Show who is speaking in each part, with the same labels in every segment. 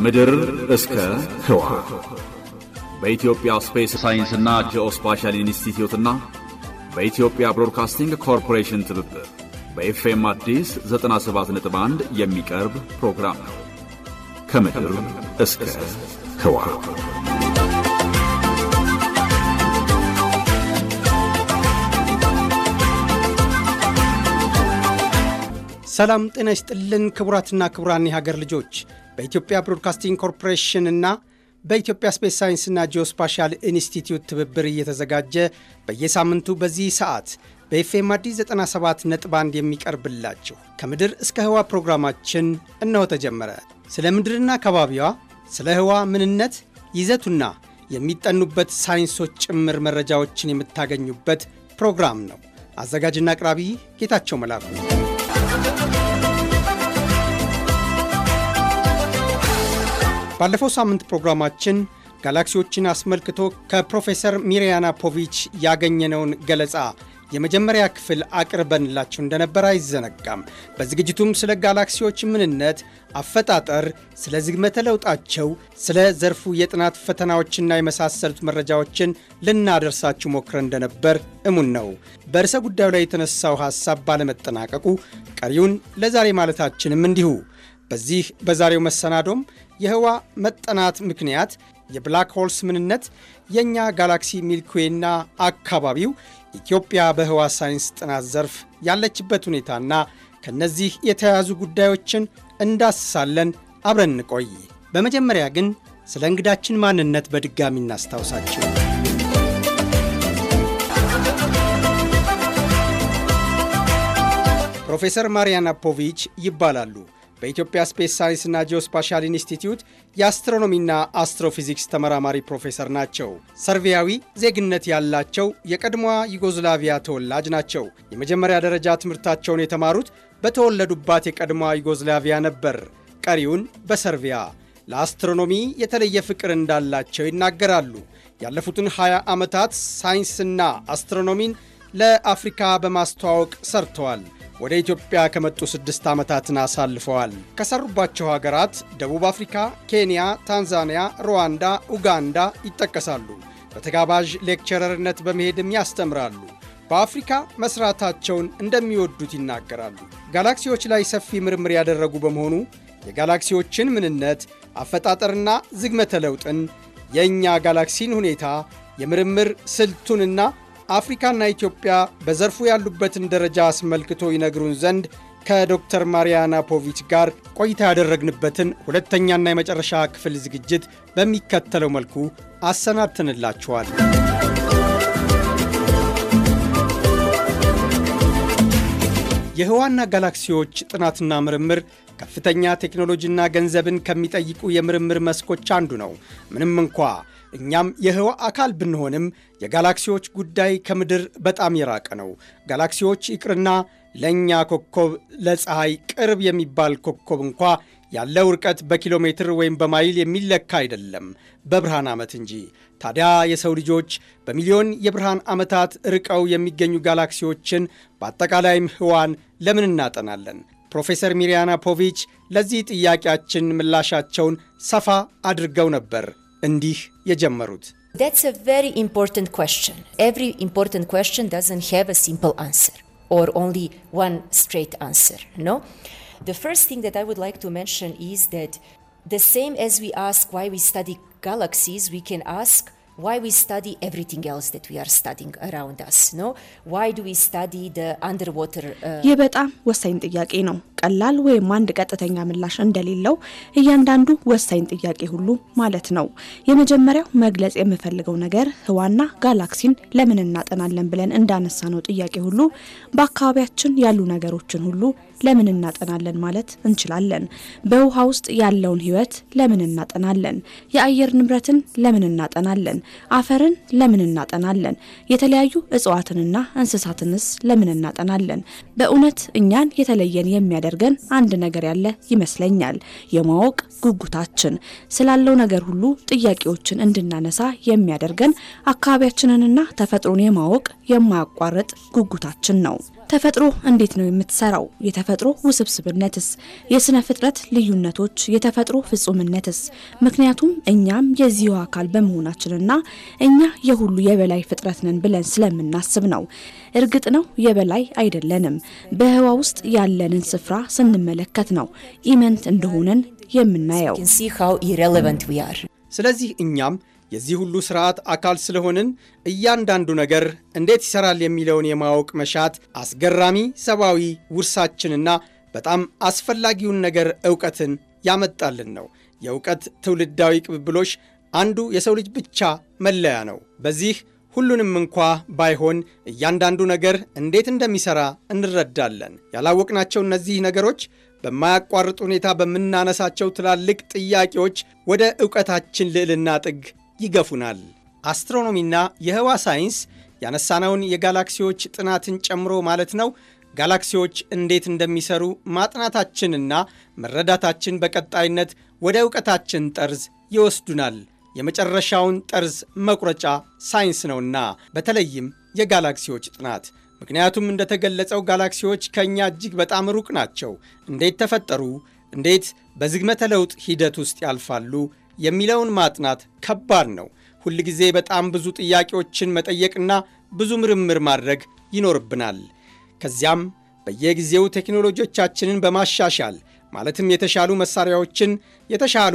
Speaker 1: ከምድር እስከ ህዋ በኢትዮጵያ ስፔስ ሳይንስና ጂኦስፓሻል ኢንስቲትዩትና በኢትዮጵያ ብሮድካስቲንግ ኮርፖሬሽን ትብብር በኤፍኤም አዲስ 97.1 የሚቀርብ ፕሮግራም ነው። ከምድር እስከ ህዋ ሰላም ጤና ይስጥልን። ክቡራትና ክቡራን የሀገር ልጆች በኢትዮጵያ ብሮድካስቲንግ ኮርፖሬሽን እና በኢትዮጵያ ስፔስ ሳይንስና ጂኦስፓሻል ኢንስቲትዩት ትብብር እየተዘጋጀ በየሳምንቱ በዚህ ሰዓት በኤፍኤም አዲስ 97 ነጥብ 1 የሚቀርብላችሁ ከምድር እስከ ህዋ ፕሮግራማችን እነሆ ተጀመረ። ስለ ምድርና ከባቢዋ፣ ስለ ህዋ ምንነት ይዘቱና የሚጠኑበት ሳይንሶች ጭምር መረጃዎችን የምታገኙበት ፕሮግራም ነው። አዘጋጅና አቅራቢ ጌታቸው መላኩ ባለፈው ሳምንት ፕሮግራማችን ጋላክሲዎችን አስመልክቶ ከፕሮፌሰር ሚሪያና ፖቪች ያገኘነውን ገለጻ የመጀመሪያ ክፍል አቅርበንላችሁ እንደነበር አይዘነጋም። በዝግጅቱም ስለ ጋላክሲዎች ምንነት፣ አፈጣጠር፣ ስለ ዝግመተ ለውጣቸው፣ ስለ ዘርፉ የጥናት ፈተናዎችና የመሳሰሉት መረጃዎችን ልናደርሳችሁ ሞክረን እንደነበር እሙን ነው። በርዕሰ ጉዳዩ ላይ የተነሳው ሐሳብ ባለመጠናቀቁ ቀሪውን ለዛሬ ማለታችንም እንዲሁ። በዚህ በዛሬው መሰናዶም የህዋ መጠናት ምክንያት የብላክ ሆልስ ምንነት፣ የእኛ ጋላክሲ ሚልክዌና አካባቢው፣ ኢትዮጵያ በህዋ ሳይንስ ጥናት ዘርፍ ያለችበት ሁኔታና ከነዚህ የተያያዙ ጉዳዮችን እንዳስሳለን። አብረን እንቆይ። በመጀመሪያ ግን ስለ እንግዳችን ማንነት በድጋሚ እናስታውሳችሁ። ፕሮፌሰር ማርያና ፖቪች ይባላሉ። በኢትዮጵያ ስፔስ ሳይንስና ጂኦስፓሻል ኢንስቲትዩት የአስትሮኖሚና አስትሮፊዚክስ ተመራማሪ ፕሮፌሰር ናቸው። ሰርቪያዊ ዜግነት ያላቸው የቀድሞዋ ዩጎዝላቪያ ተወላጅ ናቸው። የመጀመሪያ ደረጃ ትምህርታቸውን የተማሩት በተወለዱባት የቀድሞዋ ዩጎዝላቪያ ነበር፣ ቀሪውን በሰርቪያ። ለአስትሮኖሚ የተለየ ፍቅር እንዳላቸው ይናገራሉ። ያለፉትን 20 ዓመታት ሳይንስና አስትሮኖሚን ለአፍሪካ በማስተዋወቅ ሰርተዋል። ወደ ኢትዮጵያ ከመጡ ስድስት ዓመታትን አሳልፈዋል። ከሰሩባቸው ሀገራት ደቡብ አፍሪካ፣ ኬንያ፣ ታንዛኒያ፣ ሩዋንዳ፣ ኡጋንዳ ይጠቀሳሉ። በተጋባዥ ሌክቸረርነት በመሄድም ያስተምራሉ። በአፍሪካ መስራታቸውን እንደሚወዱት ይናገራሉ። ጋላክሲዎች ላይ ሰፊ ምርምር ያደረጉ በመሆኑ የጋላክሲዎችን ምንነት፣ አፈጣጠርና ዝግመተ ለውጥን የእኛ ጋላክሲን ሁኔታ የምርምር ስልቱንና አፍሪካና ኢትዮጵያ በዘርፉ ያሉበትን ደረጃ አስመልክቶ ይነግሩን ዘንድ ከዶክተር ማሪያና ፖቪች ጋር ቆይታ ያደረግንበትን ሁለተኛና የመጨረሻ ክፍል ዝግጅት በሚከተለው መልኩ አሰናድተንላችኋል። የህዋና ጋላክሲዎች ጥናትና ምርምር ከፍተኛ ቴክኖሎጂና ገንዘብን ከሚጠይቁ የምርምር መስኮች አንዱ ነው። ምንም እንኳ እኛም የህዋ አካል ብንሆንም የጋላክሲዎች ጉዳይ ከምድር በጣም የራቀ ነው። ጋላክሲዎች ይቅርና ለእኛ ኮከብ ለፀሐይ ቅርብ የሚባል ኮከብ እንኳ ያለው ርቀት በኪሎ ሜትር ወይም በማይል የሚለካ አይደለም፣ በብርሃን ዓመት እንጂ። ታዲያ የሰው ልጆች በሚሊዮን የብርሃን ዓመታት ርቀው የሚገኙ ጋላክሲዎችን በአጠቃላይም ህዋን ለምን እናጠናለን? ፕሮፌሰር ሚሪያና ፖቪች ለዚህ ጥያቄያችን ምላሻቸውን ሰፋ አድርገው ነበር እንዲህ የጀመሩት?
Speaker 2: That's a very important question. Every important question doesn't have a simple answer or only one straight answer, no? The first thing that I would like to mention is that the same as we ask why we study galaxies, we can ask why we study everything else that we are studying around us no why do we study the underwater uh, ይህ
Speaker 3: በጣም ወሳኝ ጥያቄ ነው። ቀላል ወይም አንድ ቀጥተኛ ምላሽ እንደሌለው እያንዳንዱ ወሳኝ ጥያቄ ሁሉ ማለት ነው። የመጀመሪያው መግለጽ የምፈልገው ነገር ህዋና ጋላክሲን ለምን እናጠናለን ብለን እንዳነሳ ነው ጥያቄ ሁሉ በአካባቢያችን ያሉ ነገሮችን ሁሉ ለምን እናጠናለን ማለት እንችላለን። በውሃ ውስጥ ያለውን ህይወት ለምን እናጠናለን? የአየር ንብረትን ለምን እናጠናለን? አፈርን ለምን እናጠናለን? የተለያዩ እጽዋትንና እንስሳትንስ ለምን እናጠናለን? በእውነት እኛን የተለየን የሚያደርገን አንድ ነገር ያለ ይመስለኛል። የማወቅ ጉጉታችን ስላለው ነገር ሁሉ ጥያቄዎችን እንድናነሳ የሚያደርገን አካባቢያችንንና ተፈጥሮን የማወቅ የማያቋርጥ ጉጉታችን ነው። ተፈጥሮ እንዴት ነው የምትሰራው? የተፈጥሮ ውስብስብነትስ? የስነ ፍጥረት ልዩነቶች፣ የተፈጥሮ ፍጹምነትስ? ምክንያቱም እኛም የዚሁ አካል በመሆናችንና እኛ የሁሉ የበላይ ፍጥረት ነን ብለን ስለምናስብ ነው። እርግጥ ነው የበላይ አይደለንም። በህዋ ውስጥ ያለንን ስፍራ ስንመለከት ነው ኢመንት እንደሆነን የምናየው።
Speaker 1: ስለዚህ እኛም የዚህ ሁሉ ስርዓት አካል ስለሆንን እያንዳንዱ ነገር እንዴት ይሰራል የሚለውን የማወቅ መሻት አስገራሚ ሰብአዊ ውርሳችንና በጣም አስፈላጊውን ነገር እውቀትን ያመጣልን ነው። የእውቀት ትውልዳዊ ቅብብሎሽ አንዱ የሰው ልጅ ብቻ መለያ ነው። በዚህ ሁሉንም እንኳ ባይሆን እያንዳንዱ ነገር እንዴት እንደሚሠራ እንረዳለን። ያላወቅናቸው እነዚህ ነገሮች በማያቋርጥ ሁኔታ በምናነሳቸው ትላልቅ ጥያቄዎች ወደ ዕውቀታችን ልዕልና ጥግ ይገፉናል። አስትሮኖሚና የህዋ ሳይንስ ያነሳነውን የጋላክሲዎች ጥናትን ጨምሮ ማለት ነው ጋላክሲዎች እንዴት እንደሚሰሩ ማጥናታችንና መረዳታችን በቀጣይነት ወደ እውቀታችን ጠርዝ ይወስዱናል። የመጨረሻውን ጠርዝ መቁረጫ ሳይንስ ነውና በተለይም የጋላክሲዎች ጥናት። ምክንያቱም እንደተገለጸው ጋላክሲዎች ከእኛ እጅግ በጣም ሩቅ ናቸው። እንዴት ተፈጠሩ? እንዴት በዝግመተ ለውጥ ሂደት ውስጥ ያልፋሉ? የሚለውን ማጥናት ከባድ ነው። ሁልጊዜ በጣም ብዙ ጥያቄዎችን መጠየቅና ብዙ ምርምር ማድረግ ይኖርብናል። ከዚያም በየጊዜው ቴክኖሎጂዎቻችንን በማሻሻል ማለትም የተሻሉ መሳሪያዎችን፣ የተሻሉ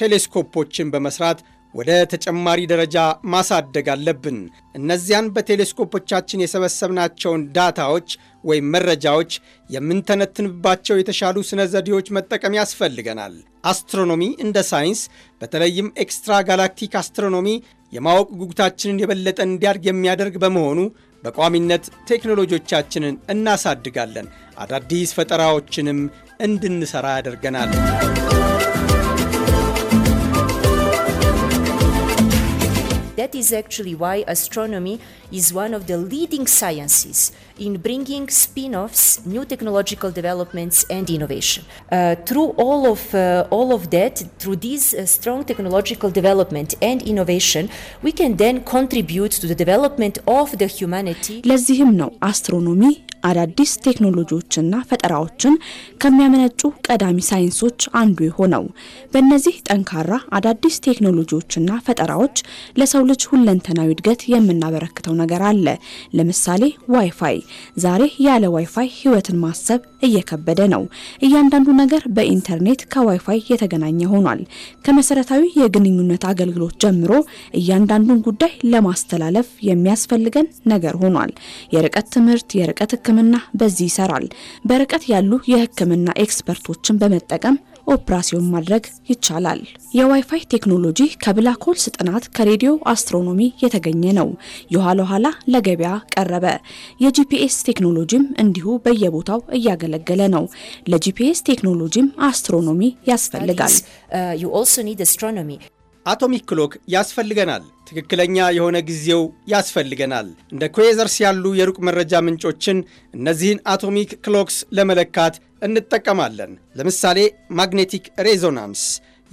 Speaker 1: ቴሌስኮፖችን በመስራት ወደ ተጨማሪ ደረጃ ማሳደግ አለብን። እነዚያን በቴሌስኮፖቻችን የሰበሰብናቸውን ዳታዎች ወይም መረጃዎች የምንተነትንባቸው የተሻሉ ስነ ዘዴዎች መጠቀም ያስፈልገናል። አስትሮኖሚ እንደ ሳይንስ በተለይም ኤክስትራ ጋላክቲክ አስትሮኖሚ የማወቅ ጉጉታችንን የበለጠ እንዲያድግ የሚያደርግ በመሆኑ በቋሚነት ቴክኖሎጂዎቻችንን እናሳድጋለን። አዳዲስ ፈጠራዎችንም እንድንሰራ ያደርገናል።
Speaker 2: That is actually why astronomy is one of the leading sciences in bringing spin offs, new technological developments, and innovation. Uh, through all of, uh, all of that, through this uh, strong technological development and innovation, we can then contribute
Speaker 3: to the development
Speaker 2: of the humanity.
Speaker 3: ለዚህም ነው አስትሮኖሚ አዳዲስ ቴክኖሎጂዎችና ፈጠራዎችን ከሚያመነጩ ቀዳሚ ሳይንሶች አንዱ የሆነው በእነዚህ ጠንካራ አዳዲስ ቴክኖሎጂዎችና ፈጠራዎች ለሰው ልጅ ሁለንተናዊ እድገት የምናበረክተው ነገር አለ። ለምሳሌ ዋይፋይ። ዛሬ ያለ ዋይፋይ ህይወትን ማሰብ እየከበደ ነው። እያንዳንዱ ነገር በኢንተርኔት ከዋይፋይ የተገናኘ ሆኗል። ከመሰረታዊ የግንኙነት አገልግሎት ጀምሮ እያንዳንዱን ጉዳይ ለማስተላለፍ የሚያስፈልገን ነገር ሆኗል። የርቀት ትምህርት፣ የርቀት ሕክምና በዚህ ይሰራል። በርቀት ያሉ የሕክምና ኤክስፐርቶችን በመጠቀም ኦፕራሲዮን ማድረግ ይቻላል። የዋይፋይ ቴክኖሎጂ ከብላክሆልስ ጥናት ከሬዲዮ አስትሮኖሚ የተገኘ ነው። የኋላ ኋላ ለገበያ ቀረበ። የጂፒኤስ ቴክኖሎጂም እንዲሁ በየቦታው እያገለገለ ነው። ለጂፒኤስ ቴክኖሎጂም አስትሮኖሚ ያስፈልጋል።
Speaker 1: አቶሚክ uh, ክሎክ ያስፈልገናል። ትክክለኛ የሆነ ጊዜው ያስፈልገናል። እንደ ኩዌዘርስ ያሉ የሩቅ መረጃ ምንጮችን እነዚህን አቶሚክ ክሎክስ ለመለካት እንጠቀማለን። ለምሳሌ ማግኔቲክ ሬዞናንስ፣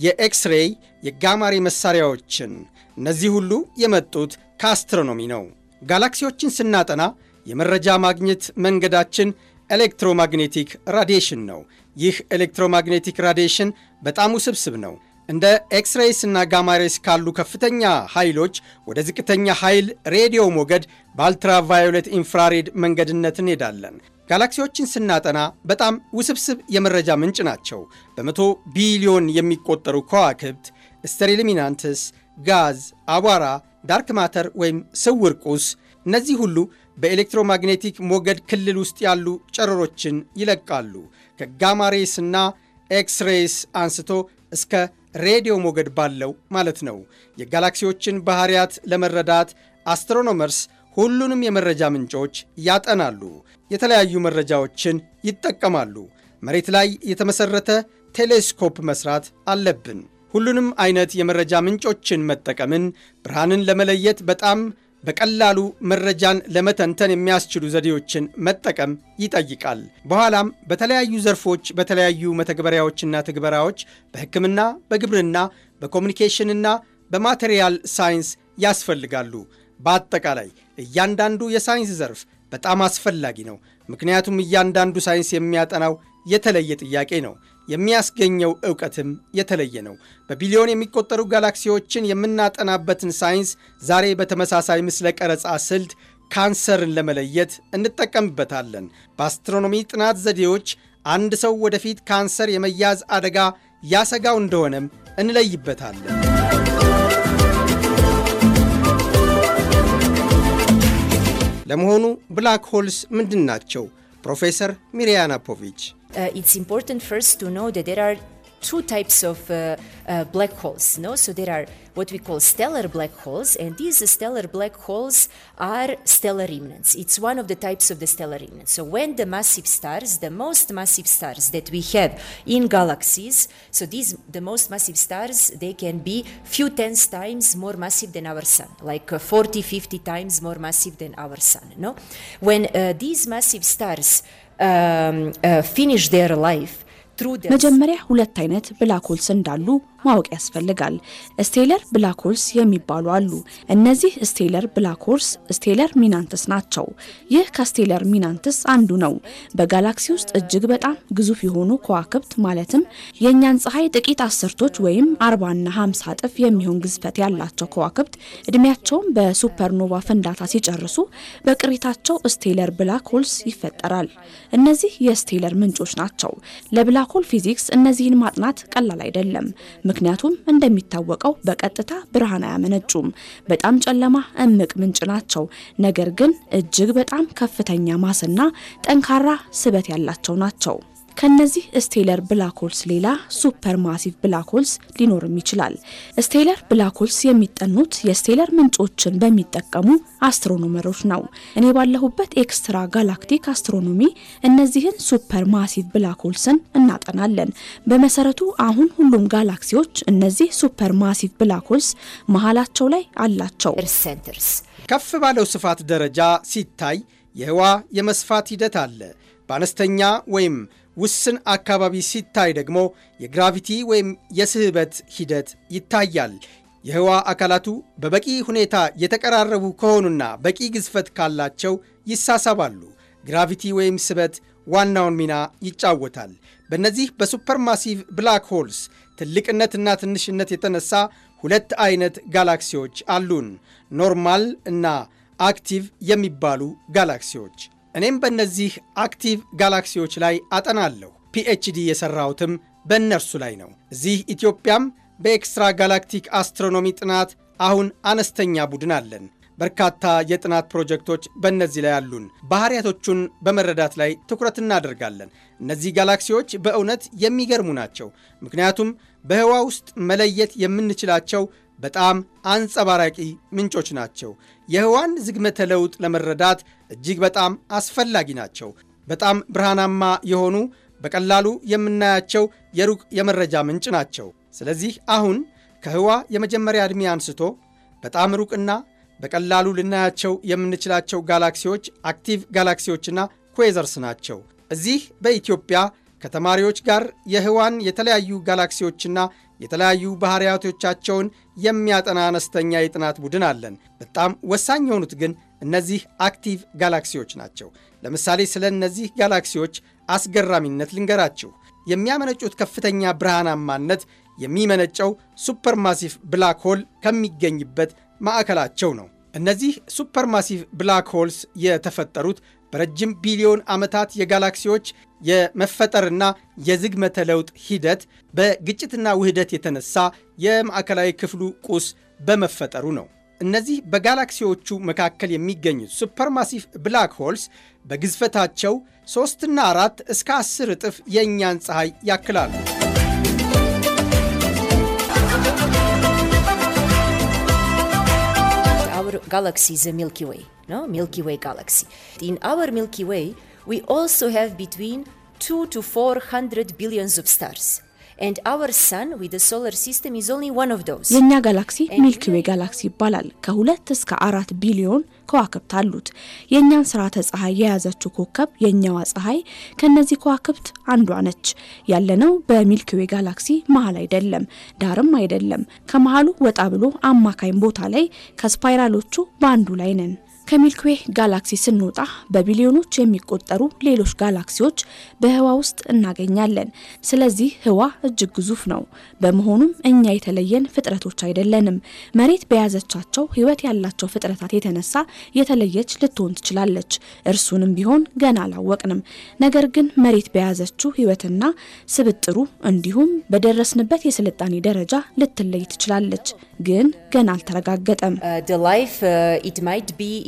Speaker 1: የኤክስሬይ፣ የጋማሬ መሳሪያዎችን። እነዚህ ሁሉ የመጡት ከአስትሮኖሚ ነው። ጋላክሲዎችን ስናጠና የመረጃ ማግኘት መንገዳችን ኤሌክትሮማግኔቲክ ራዲየሽን ነው። ይህ ኤሌክትሮማግኔቲክ ራዲሽን በጣም ውስብስብ ነው። እንደ ኤክስሬይስ እና ጋማሬስ ካሉ ከፍተኛ ኃይሎች ወደ ዝቅተኛ ኃይል ሬዲዮ ሞገድ በአልትራቫዮሌት ኢንፍራሬድ መንገድነት እንሄዳለን። ጋላክሲዎችን ስናጠና በጣም ውስብስብ የመረጃ ምንጭ ናቸው። በመቶ ቢሊዮን የሚቆጠሩ ከዋክብት፣ ስተሪልሚናንትስ፣ ጋዝ፣ አቧራ፣ ዳርክ ማተር ወይም ስውር ቁስ፣ እነዚህ ሁሉ በኤሌክትሮማግኔቲክ ሞገድ ክልል ውስጥ ያሉ ጨረሮችን ይለቃሉ። ከጋማሬስና ኤክስሬይስ አንስቶ እስከ ሬዲዮ ሞገድ ባለው ማለት ነው። የጋላክሲዎችን ባህሪያት ለመረዳት አስትሮኖመርስ ሁሉንም የመረጃ ምንጮች ያጠናሉ፣ የተለያዩ መረጃዎችን ይጠቀማሉ። መሬት ላይ የተመሠረተ ቴሌስኮፕ መስራት አለብን። ሁሉንም አይነት የመረጃ ምንጮችን መጠቀምን ብርሃንን ለመለየት በጣም በቀላሉ መረጃን ለመተንተን የሚያስችሉ ዘዴዎችን መጠቀም ይጠይቃል። በኋላም በተለያዩ ዘርፎች በተለያዩ መተግበሪያዎችና ትግበራዎች በሕክምና፣ በግብርና፣ በኮሚኒኬሽንና በማቴሪያል ሳይንስ ያስፈልጋሉ። በአጠቃላይ እያንዳንዱ የሳይንስ ዘርፍ በጣም አስፈላጊ ነው። ምክንያቱም እያንዳንዱ ሳይንስ የሚያጠናው የተለየ ጥያቄ ነው። የሚያስገኘው እውቀትም የተለየ ነው። በቢሊዮን የሚቆጠሩ ጋላክሲዎችን የምናጠናበትን ሳይንስ ዛሬ በተመሳሳይ ምስለ ቀረጻ ስልት ካንሰርን ለመለየት እንጠቀምበታለን። በአስትሮኖሚ ጥናት ዘዴዎች አንድ ሰው ወደፊት ካንሰር የመያዝ አደጋ ያሰጋው እንደሆነም እንለይበታለን። ለመሆኑ ብላክ ሆልስ ምንድን ናቸው? ፕሮፌሰር ሚሪያና ፖቪች
Speaker 2: Uh, it's important first to know that there are two types of uh, uh, black holes. No, so there are what we call stellar black holes, and these stellar black holes are stellar remnants. It's one of the types of the stellar remnants. So when the massive stars, the most massive stars that we have in galaxies, so these the most massive stars, they can be few tens times more massive than our sun, like uh, 40, 50 times more massive than our sun. No, when uh, these massive stars
Speaker 3: ፊኒሽ ዴር ላይፍ መጀመሪያ ሁለት አይነት ብላክ ሆልስ እንዳሉ ማወቅ ያስፈልጋል። ስቴለር ብላክሆልስ የሚባሉ አሉ። እነዚህ ስቴለር ብላክሆልስ ስቴለር ሚናንትስ ናቸው። ይህ ከስቴለር ሚናንትስ አንዱ ነው። በጋላክሲ ውስጥ እጅግ በጣም ግዙፍ የሆኑ ከዋክብት ማለትም የእኛን ፀሐይ ጥቂት አስርቶች ወይም 40ና 50 እጥፍ የሚሆን ግዝፈት ያላቸው ከዋክብት እድሜያቸውን በሱፐርኖቫ ፍንዳታ ሲጨርሱ በቅሪታቸው ስቴለር ብላክ ሆልስ ይፈጠራል። እነዚህ የስቴለር ምንጮች ናቸው። ለብላክ ሆል ፊዚክስ እነዚህን ማጥናት ቀላል አይደለም። ምክንያቱም እንደሚታወቀው በቀጥታ ብርሃን አያመነጩም። በጣም ጨለማ እምቅ ምንጭ ናቸው። ነገር ግን እጅግ በጣም ከፍተኛ ማስና ጠንካራ ስበት ያላቸው ናቸው። ከነዚህ ስቴለር ሆልስ ሌላ ሱፐር ማሲቭ ሆልስ ሊኖርም ይችላል። ስቴለር ሆልስ የሚጠኑት የስቴለር ምንጮችን በሚጠቀሙ አስትሮኖመሮች ነው። እኔ ባለሁበት ኤክስትራ ጋላክቲክ አስትሮኖሚ እነዚህን ሱፐር ማሲቭ ሆልስን እናጠናለን። በመሰረቱ አሁን ሁሉም ጋላክሲዎች እነዚህ ሱፐር ማሲቭ ሆልስ መሀላቸው ላይ አላቸው።
Speaker 1: ከፍ ባለው ስፋት ደረጃ ሲታይ የህዋ የመስፋት ሂደት አለ። በአነስተኛ ወይም ውስን አካባቢ ሲታይ ደግሞ የግራቪቲ ወይም የስህበት ሂደት ይታያል። የህዋ አካላቱ በበቂ ሁኔታ የተቀራረቡ ከሆኑና በቂ ግዝፈት ካላቸው ይሳሰባሉ። ግራቪቲ ወይም ስበት ዋናውን ሚና ይጫወታል። በእነዚህ በሱፐርማሲቭ ብላክ ሆልስ ትልቅነትና ትንሽነት የተነሳ ሁለት አይነት ጋላክሲዎች አሉን፣ ኖርማል እና አክቲቭ የሚባሉ ጋላክሲዎች እኔም በእነዚህ አክቲቭ ጋላክሲዎች ላይ አጠናለሁ። ፒኤችዲ የሠራሁትም በእነርሱ ላይ ነው። እዚህ ኢትዮጵያም በኤክስትራ ጋላክቲክ አስትሮኖሚ ጥናት አሁን አነስተኛ ቡድን አለን። በርካታ የጥናት ፕሮጀክቶች በእነዚህ ላይ አሉን። ባህሪያቶቹን በመረዳት ላይ ትኩረት እናደርጋለን። እነዚህ ጋላክሲዎች በእውነት የሚገርሙ ናቸው። ምክንያቱም በህዋ ውስጥ መለየት የምንችላቸው በጣም አንጸባራቂ ምንጮች ናቸው። የህዋን ዝግመተ ለውጥ ለመረዳት እጅግ በጣም አስፈላጊ ናቸው። በጣም ብርሃናማ የሆኑ በቀላሉ የምናያቸው የሩቅ የመረጃ ምንጭ ናቸው። ስለዚህ አሁን ከህዋ የመጀመሪያ ዕድሜ አንስቶ በጣም ሩቅና በቀላሉ ልናያቸው የምንችላቸው ጋላክሲዎች አክቲቭ ጋላክሲዎችና ኩዌዘርስ ናቸው። እዚህ በኢትዮጵያ ከተማሪዎች ጋር የህዋን የተለያዩ ጋላክሲዎችና የተለያዩ ባህሪያቶቻቸውን የሚያጠና አነስተኛ የጥናት ቡድን አለን። በጣም ወሳኝ የሆኑት ግን እነዚህ አክቲቭ ጋላክሲዎች ናቸው። ለምሳሌ ስለ እነዚህ ጋላክሲዎች አስገራሚነት ልንገራችሁ። የሚያመነጩት ከፍተኛ ብርሃናማነት የሚመነጨው ሱፐርማሲቭ ብላክ ሆል ከሚገኝበት ማዕከላቸው ነው። እነዚህ ሱፐርማሲቭ ብላክ ሆልስ የተፈጠሩት በረጅም ቢሊዮን ዓመታት የጋላክሲዎች የመፈጠርና የዝግመተ ለውጥ ሂደት በግጭትና ውህደት የተነሳ የማዕከላዊ ክፍሉ ቁስ በመፈጠሩ ነው። እነዚህ በጋላክሲዎቹ መካከል የሚገኙት ሱፐርማሲቭ ብላክ ሆልስ በግዝፈታቸው ሦስትና አራት እስከ አስር እጥፍ የእኛን ፀሐይ ያክላሉ።
Speaker 2: galaxy is a Milky Way, no? Milky Way galaxy. In our Milky Way, we also have between two to four hundred billions of stars. and our sun with the solar system is only one of those የኛ ጋላክሲ
Speaker 3: ሚልኪ ዌይ ጋላክሲ ይባላል። ከሁለት እስከ አራት ቢሊዮን ከዋክብት አሉት። የእኛን ስርዓተ ፀሐይ የያዘችው ኮከብ የእኛዋ ፀሐይ ከእነዚህ ከዋክብት አንዷ ነች። ያለነው በሚልኪ ዌይ ጋላክሲ መሀል አይደለም፣ ዳርም አይደለም። ከመሀሉ ወጣ ብሎ አማካኝ ቦታ ላይ ከስፓይራሎቹ በአንዱ ላይ ነን። ከሚልክዌ ጋላክሲ ስንወጣ በቢሊዮኖች የሚቆጠሩ ሌሎች ጋላክሲዎች በህዋ ውስጥ እናገኛለን። ስለዚህ ህዋ እጅግ ግዙፍ ነው። በመሆኑም እኛ የተለየን ፍጥረቶች አይደለንም። መሬት በያዘቻቸው ህይወት ያላቸው ፍጥረታት የተነሳ የተለየች ልትሆን ትችላለች። እርሱንም ቢሆን ገና አላወቅንም። ነገር ግን መሬት በያዘችው ህይወትና ስብጥሩ እንዲሁም በደረስንበት የስልጣኔ ደረጃ ልትለይ ትችላለች። ግን ገና አልተረጋገጠም። uh,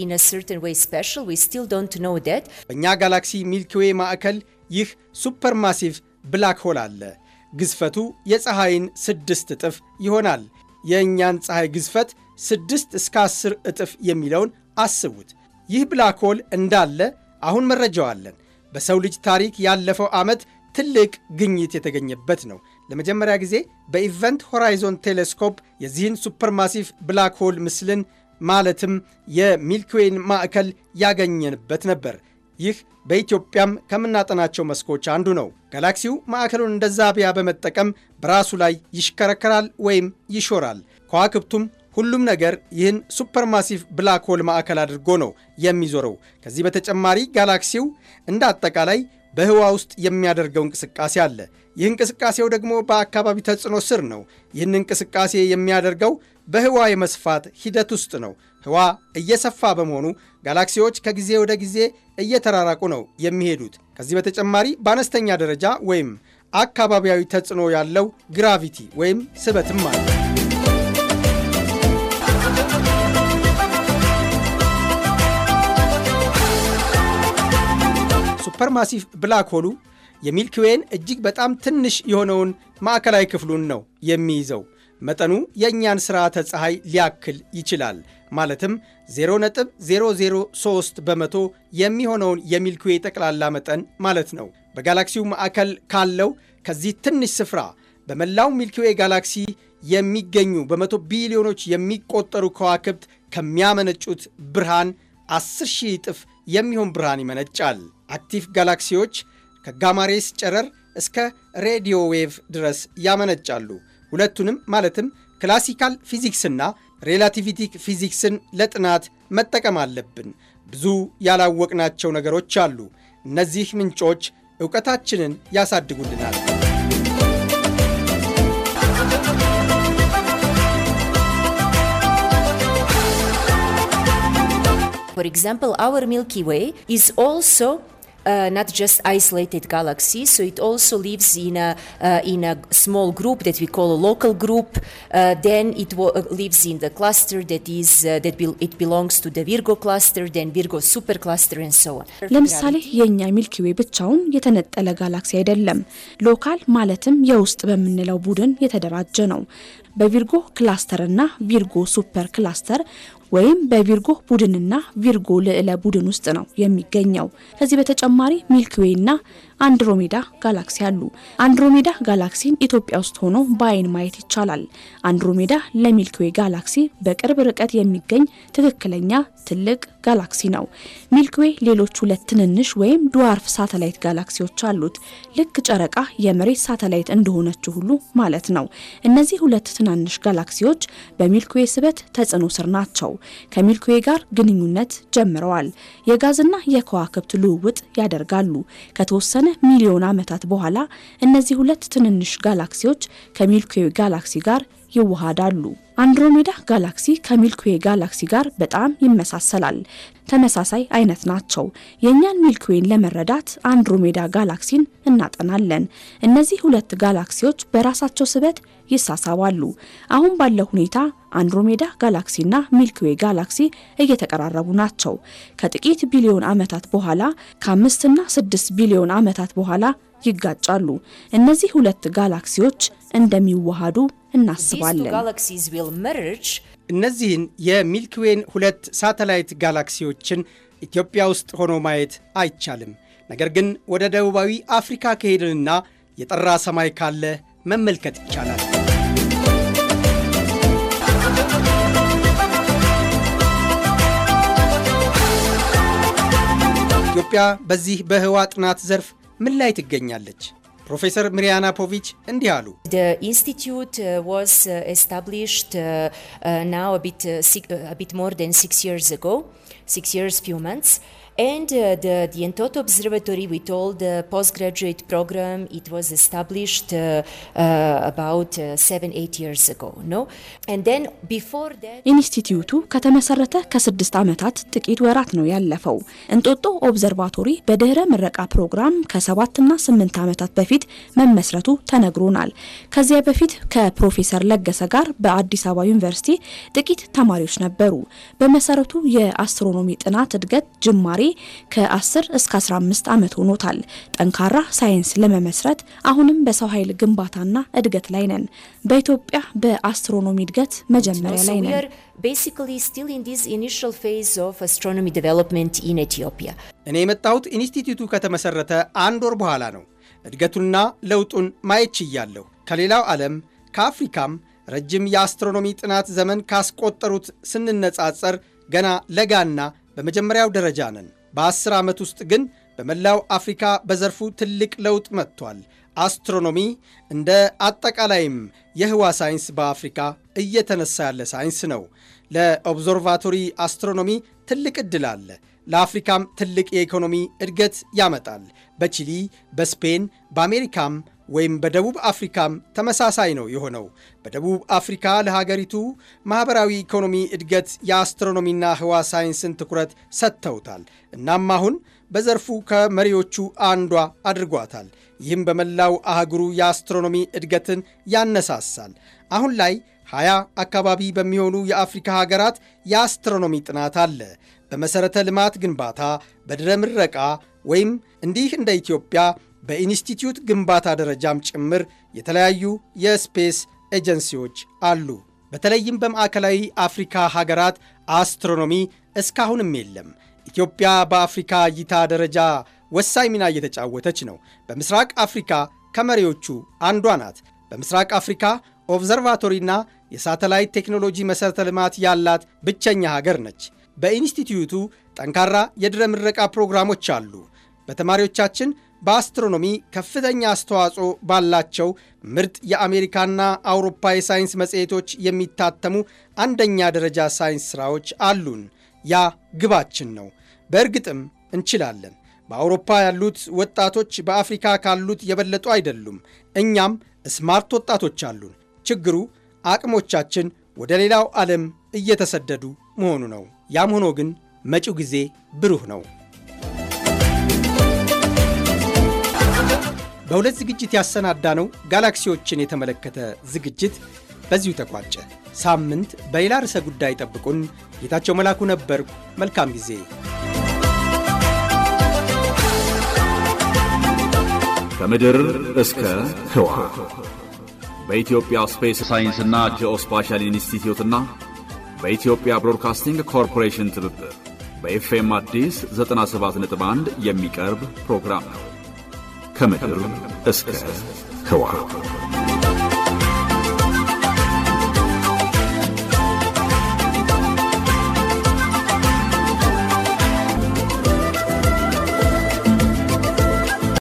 Speaker 1: in a certain way special. We still don't know that. በእኛ ጋላክሲ ሚልኪ ማዕከል ይህ ሱፐር ማሲቭ ብላክ ሆል አለ። ግዝፈቱ የፀሐይን ስድስት እጥፍ ይሆናል። የእኛን ፀሐይ ግዝፈት ስድስት እስከ አስር እጥፍ የሚለውን አስቡት። ይህ ብላክ ሆል እንዳለ አሁን መረጃው አለን። በሰው ልጅ ታሪክ ያለፈው ዓመት ትልቅ ግኝት የተገኘበት ነው። ለመጀመሪያ ጊዜ በኢቨንት ሆራይዞን ቴሌስኮፕ የዚህን ሱፐርማሲቭ ብላክ ሆል ምስልን ማለትም የሚልክዌን ማዕከል ያገኘንበት ነበር። ይህ በኢትዮጵያም ከምናጠናቸው መስኮች አንዱ ነው። ጋላክሲው ማዕከሉን እንደ ዛቢያ በመጠቀም በራሱ ላይ ይሽከረከራል ወይም ይሾራል። ከዋክብቱም ሁሉም ነገር ይህን ሱፐርማሲቭ ብላክ ሆል ማዕከል አድርጎ ነው የሚዞረው። ከዚህ በተጨማሪ ጋላክሲው እንደ አጠቃላይ በህዋ ውስጥ የሚያደርገው እንቅስቃሴ አለ። ይህ እንቅስቃሴው ደግሞ በአካባቢ ተጽዕኖ ስር ነው። ይህን እንቅስቃሴ የሚያደርገው በህዋ የመስፋት ሂደት ውስጥ ነው። ህዋ እየሰፋ በመሆኑ ጋላክሲዎች ከጊዜ ወደ ጊዜ እየተራራቁ ነው የሚሄዱት። ከዚህ በተጨማሪ በአነስተኛ ደረጃ ወይም አካባቢያዊ ተጽዕኖ ያለው ግራቪቲ ወይም ስበትም አለ። ሱፐርማሲቭ ብላክ ሆሉ የሚልኪዌን እጅግ በጣም ትንሽ የሆነውን ማዕከላዊ ክፍሉን ነው የሚይዘው። መጠኑ የእኛን ሥርዓተ ፀሐይ ሊያክል ይችላል። ማለትም 0.003 በመቶ የሚሆነውን የሚልክዌ ጠቅላላ መጠን ማለት ነው። በጋላክሲው ማዕከል ካለው ከዚህ ትንሽ ስፍራ በመላው ሚልኪዌ ጋላክሲ የሚገኙ በመቶ ቢሊዮኖች የሚቆጠሩ ከዋክብት ከሚያመነጩት ብርሃን 10 ሺህ እጥፍ የሚሆን ብርሃን ይመነጫል። አክቲቭ ጋላክሲዎች ከጋማሬስ ጨረር እስከ ሬዲዮ ዌቭ ድረስ ያመነጫሉ። ሁለቱንም ማለትም ክላሲካል ፊዚክስና ሬላቲቪቲክ ፊዚክስን ለጥናት መጠቀም አለብን። ብዙ ያላወቅናቸው ነገሮች አሉ። እነዚህ ምንጮች ዕውቀታችንን ያሳድጉልናል።
Speaker 2: For example, our Milky Way is uh, not just isolated galaxy. So it also lives in a uh, in a small group that we call a local group. Uh, then it lives in the cluster that is uh, that be it belongs to the Virgo cluster, then Virgo supercluster, and so on. ለምሳሌ
Speaker 3: የእኛ ሚልኪ ዌይ ብቻውን የተነጠለ ጋላክሲ አይደለም። ሎካል ማለትም የውስጥ በምንለው ቡድን የተደራጀ ነው። በቪርጎ ክላስተር እና ቪርጎ ሱፐር ክላስተር ወይም በቪርጎ ቡድንና ቪርጎ ልዕለ ቡድን ውስጥ ነው የሚገኘው። ከዚህ በተጨማሪ ሚልኪዌይና አንድሮሜዳ ጋላክሲ አሉ። አንድሮሜዳ ጋላክሲን ኢትዮጵያ ውስጥ ሆኖ በአይን ማየት ይቻላል። አንድሮሜዳ ለሚልኪዌይ ጋላክሲ በቅርብ ርቀት የሚገኝ ትክክለኛ ትልቅ ጋላክሲ ነው። ሚልክዌይ ሌሎች ሁለት ትንንሽ ወይም ድዋርፍ ሳተላይት ጋላክሲዎች አሉት። ልክ ጨረቃ የመሬት ሳተላይት እንደሆነችው ሁሉ ማለት ነው። እነዚህ ሁለት ትናንሽ ጋላክሲዎች በሚልክዌይ ስበት ተጽዕኖ ስር ናቸው። ከሚልክዌይ ጋር ግንኙነት ጀምረዋል። የጋዝና የከዋክብት ልውውጥ ያደርጋሉ። ከተወሰነ ሚሊዮን ዓመታት በኋላ እነዚህ ሁለት ትንንሽ ጋላክሲዎች ከሚልክዌይ ጋላክሲ ጋር ይዋሃዳሉ። አንድሮሜዳ ጋላክሲ ከሚልክዌ ጋላክሲ ጋር በጣም ይመሳሰላል። ተመሳሳይ አይነት ናቸው። የእኛን ሚልክዌን ለመረዳት አንድሮሜዳ ጋላክሲን እናጠናለን። እነዚህ ሁለት ጋላክሲዎች በራሳቸው ስበት ይሳሳባሉ። አሁን ባለው ሁኔታ አንድሮሜዳ ጋላክሲና ሚልክዌ ጋላክሲ እየተቀራረቡ ናቸው። ከጥቂት ቢሊዮን ዓመታት በኋላ ከአምስትና ስድስት ቢሊዮን ዓመታት በኋላ ይጋጫሉ። እነዚህ ሁለት ጋላክሲዎች እንደሚዋሃዱ እናስባለን።
Speaker 1: እነዚህን የሚልክዌን ሁለት ሳተላይት ጋላክሲዎችን ኢትዮጵያ ውስጥ ሆኖ ማየት አይቻልም። ነገር ግን ወደ ደቡባዊ አፍሪካ ከሄድንና የጠራ ሰማይ ካለ መመልከት ይቻላል። ኢትዮጵያ በዚህ በህዋ ጥናት ዘርፍ ምን ላይ ትገኛለች? ፕሮፌሰር ምሪያና ፖቪች እንዲህ አሉ። ኢንስቲትዩት
Speaker 2: ዋዝ ኤስታብሊሽድ ናው ቢት ሞር ን ሲክስ ይርስ ጎ ሲክስ ይርስ ፊው መንትስ And uh, the, the Entoto Observatory, with all the postgraduate program, it was established uh, uh, about uh, seven,
Speaker 3: eight years ago. No? And then before that... ኢንስቲትዩቱ ከተመሰረተ ከስድስት ዓመታት ጥቂት ወራት ነው ያለፈው። እንጦጦ ኦብዘርቫቶሪ በድህረ ምረቃ ፕሮግራም ከሰባትና ስምንት ዓመታት በፊት መመስረቱ ተነግሮናል። ከዚያ በፊት ከፕሮፌሰር ለገሰ ጋር በአዲስ አበባ ዩኒቨርሲቲ ጥቂት ተማሪዎች ነበሩ። በመሰረቱ የአስትሮኖሚ ጥናት እድገት ጅማሬ ከ10 እስከ 15 ዓመት ሆኖታል። ጠንካራ ሳይንስ ለመመስረት አሁንም በሰው ኃይል ግንባታና እድገት ላይ ነን። በኢትዮጵያ በአስትሮኖሚ እድገት መጀመሪያ ላይ ነን።
Speaker 1: እኔ የመጣሁት ኢንስቲትዩቱ ከተመሰረተ አንድ ወር በኋላ ነው። እድገቱና ለውጡን ማየት ችያለሁ። ከሌላው ዓለም ከአፍሪካም ረጅም የአስትሮኖሚ ጥናት ዘመን ካስቆጠሩት ስንነጻጸር ገና ለጋና በመጀመሪያው ደረጃ ነን። በአስር ዓመት ውስጥ ግን በመላው አፍሪካ በዘርፉ ትልቅ ለውጥ መጥቷል። አስትሮኖሚ እንደ አጠቃላይም የህዋ ሳይንስ በአፍሪካ እየተነሳ ያለ ሳይንስ ነው። ለኦብዘርቫቶሪ አስትሮኖሚ ትልቅ ዕድል አለ። ለአፍሪካም ትልቅ የኢኮኖሚ እድገት ያመጣል። በቺሊ፣ በስፔን፣ በአሜሪካም ወይም በደቡብ አፍሪካም ተመሳሳይ ነው የሆነው። በደቡብ አፍሪካ ለሀገሪቱ ማኅበራዊ ኢኮኖሚ እድገት የአስትሮኖሚና ህዋ ሳይንስን ትኩረት ሰጥተውታል። እናም አሁን በዘርፉ ከመሪዎቹ አንዷ አድርጓታል። ይህም በመላው አህጉሩ የአስትሮኖሚ እድገትን ያነሳሳል። አሁን ላይ ሀያ አካባቢ በሚሆኑ የአፍሪካ ሀገራት የአስትሮኖሚ ጥናት አለ። በመሠረተ ልማት ግንባታ፣ በድረ ምረቃ ወይም እንዲህ እንደ ኢትዮጵያ በኢንስቲትዩት ግንባታ ደረጃም ጭምር የተለያዩ የስፔስ ኤጀንሲዎች አሉ። በተለይም በማዕከላዊ አፍሪካ ሀገራት አስትሮኖሚ እስካሁንም የለም። ኢትዮጵያ በአፍሪካ እይታ ደረጃ ወሳኝ ሚና እየተጫወተች ነው። በምስራቅ አፍሪካ ከመሪዎቹ አንዷ ናት። በምስራቅ አፍሪካ ኦብዘርቫቶሪና የሳተላይት ቴክኖሎጂ መሠረተ ልማት ያላት ብቸኛ ሀገር ነች። በኢንስቲትዩቱ ጠንካራ የድረ ምረቃ ፕሮግራሞች አሉ። በተማሪዎቻችን በአስትሮኖሚ ከፍተኛ አስተዋጽኦ ባላቸው ምርጥ የአሜሪካና አውሮፓ የሳይንስ መጽሔቶች የሚታተሙ አንደኛ ደረጃ ሳይንስ ሥራዎች አሉን። ያ ግባችን ነው። በእርግጥም እንችላለን። በአውሮፓ ያሉት ወጣቶች በአፍሪካ ካሉት የበለጡ አይደሉም። እኛም ስማርት ወጣቶች አሉን። ችግሩ አቅሞቻችን ወደ ሌላው ዓለም እየተሰደዱ መሆኑ ነው። ያም ሆኖ ግን መጪው ጊዜ ብሩህ ነው። በሁለት ዝግጅት ያሰናዳ ነው። ጋላክሲዎችን የተመለከተ ዝግጅት በዚሁ ተቋጨ። ሳምንት በሌላ ርዕሰ ጉዳይ ጠብቁን። ጌታቸው መላኩ ነበርኩ። መልካም ጊዜ። ከምድር እስከ ህዋ በኢትዮጵያ ስፔስ ሳይንስና ጂኦስፓሻል ኢንስቲትዩትና በኢትዮጵያ ብሮድካስቲንግ ኮርፖሬሽን ትብብር በኤፍኤም አዲስ 97.1 የሚቀርብ ፕሮግራም ነው። ከምድር እስከ ህዋ